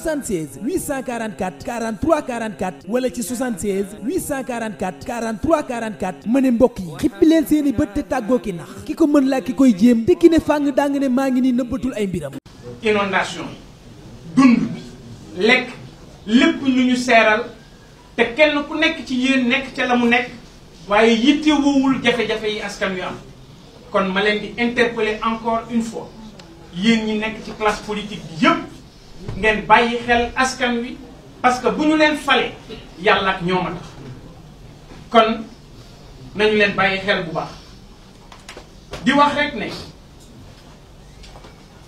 76 844 43 44 wala ci 76 844 43 44 ma ne mbokk yi xippi leen seen i bët tàggoo ki nax ki ko mën laa ki koy jéem te ki ne fàng daa nga ne maa ngi ni nëbbatul ay mbiram. inondation dund bi lekk lépp lu ñu seeral te kenn ku nekk ci yéen nekk ca la mu nekk waaye yitte woowul jafe-jafe yi askan wi am kon ma leen di interpeller encore une fois yéen ñi nekk ci classe politique bi ngeen bàyyi xel askan wi parce que bu ñu leen fale yàlla ak ñoom a tax kon nañu leen bàyyi xel bu baax di wax rek ne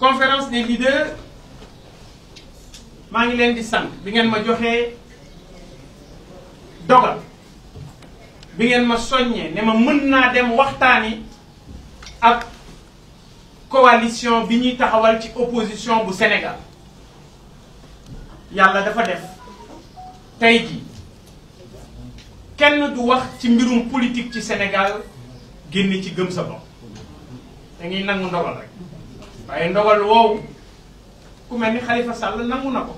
conférence des leaders maa ngi leen di sant bi ngeen ma joxee dogal bi ngeen ma soññee ne ma mën naa dem waxtaani ak coalition bi ñuy taxawal ci opposition bu Sénégal yàlla dafa def tey ji kenn du wax ci mbirum politique ci Sénégal génn ci gëm sa bopp dangay nangu ndogal rek waaye ndogal woowu ku mel ni Khalifa Sall nangu na ko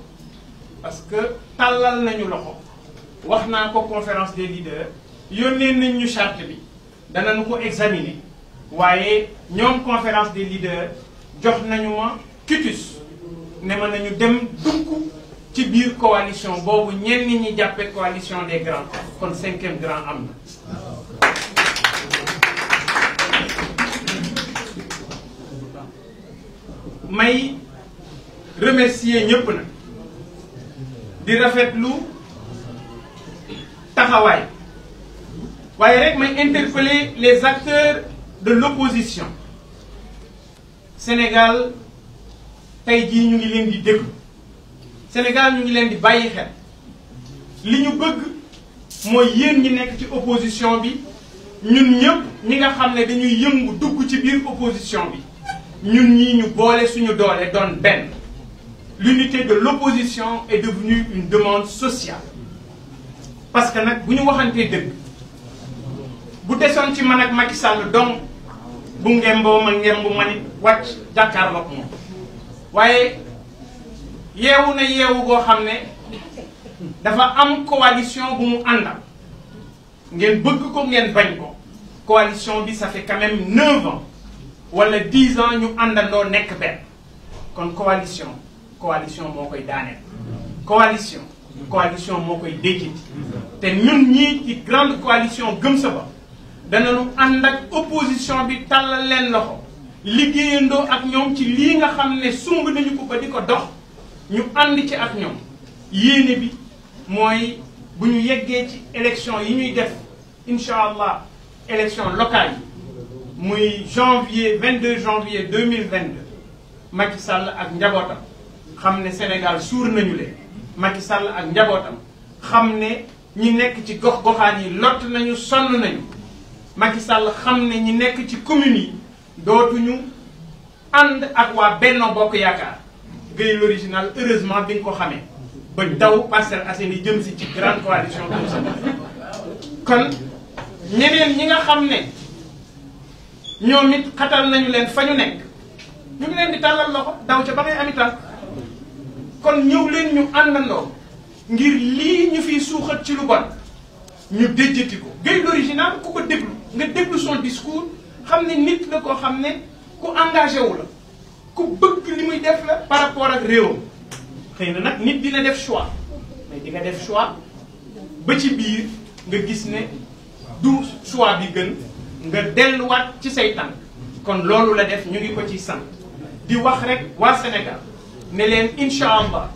parce que tàllal nañu loxo wax naa ko conférence des leaders yónnee nañ ñu charte bi danañu ko examiner waaye ñoom conférence des leaders jox nañu ma quitus ne ma nañu dem dugg ci biir coalition boobu ñenn ñi jàppe coalition des grands kon cinquième grand am na may remercier ñëpp nag di rafetlu taxawaay waaye rek may interpeller les acteurs de l'opposition Sénégal tey jii ñu ngi leen di déglu Sénégal ñu ngi leen di bàyyi xel li ñu bëgg mooy yéen ñi nekk ci opposition bi ñun ñëpp ñi nga xam ne dañuy yëngu dugg ci biir opposition bi ñun ñi ñu boole suñu doole doon benn l'unité de l'opposition et devenue une demande sociale parce que nag bu ñu waxantee dëgg bu desoon ci man ak Macky Sall donc bu ngemboo ma ngemb ma nit wàcc jàkkaarloog moom waaye yeewu na yeewu goo xam ne dafa am coalition bu mu àndal ngeen bëgg ko ngeen bañ ko coalition bi ça fait quand même neuf ans wala dix ans ñu àndandoo nekk benn kon coalition coalition moo koy daaneel coalition coalition moo koy déjjit te ñun ñii ci grande coalition gëm sa bopp danañu ànd ak opposition bi tàllal leen loxo liggéeyandoo ak ñoom ci li nga xam ne sumb nañu ko ba di ko dox ñu ànd ci ak ñoom yéene bi mooy bu ñu yeggee ci élection yi ñuy def incha allah élection locale yi muy janvier 22 janvier 2022 Macky Sall ak njabootam xam ne Sénégal suur nañu leen Macky sàll ak njabootam xam ne ñi nekk ci gox-goxaan yi lott nañu sonn nañu Macky sàll xam ne ñi nekk ci communes yi dootuñu ànd ak waa Benno Bokk Yaakaar Gueye l'original heureusement bi nga ko xamee ba daw Parcelles Assainies jëm si ci grande coalition comme ça kon ñeneen ñi nga xam ne ñoom it xatal nañu leen fa ñu nekk ñu ngi leen di tàllal loxo daw ca ba ngay ami kon ñëw leen ñu àndandoo ngir lii ñu fiy suuxat ci lu bon ñu déjjati ko Gueye l'original ku ko déglu nga déglu son discours xam ne nit la koo xam ne ku engagé wu la ku bëgg li muy def par rapport ak réewam xëy na nag nit dina def choix mais di nga def choix ba ci biir nga gis ne du choix bi gën nga delluwaat ci say tànk kon loolu la def ñu ngi ko ci sant di wax rek waa Sénégal ne leen incha allah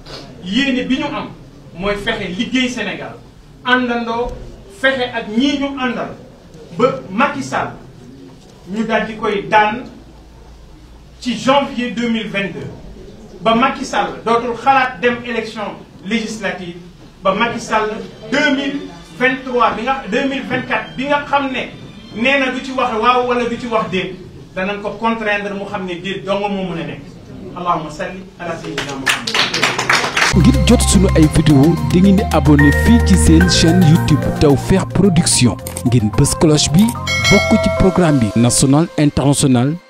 yéene bi ñu am mooy fexe liggéey Sénégal àndandoo fexe ak ñii ñu àndal ba Macky ñu daal di koy daan ci janvier deux mille vingt ba Macky Sall dootul xalaat dem élection législative ba Macky Sall bi nga xam ne nee na du ci wax waaw wala du ci wax déet danañ ko contraindre mu xam ne déet dong moo mën a nekk allahumma salli ala sayyidina Muhammad ngir jot sunu ay vidéo di ngeen di abonné fii ci seen chaîne YouTube Tawfekh Production ngeen bës cloche bi bokk ci programme bi national international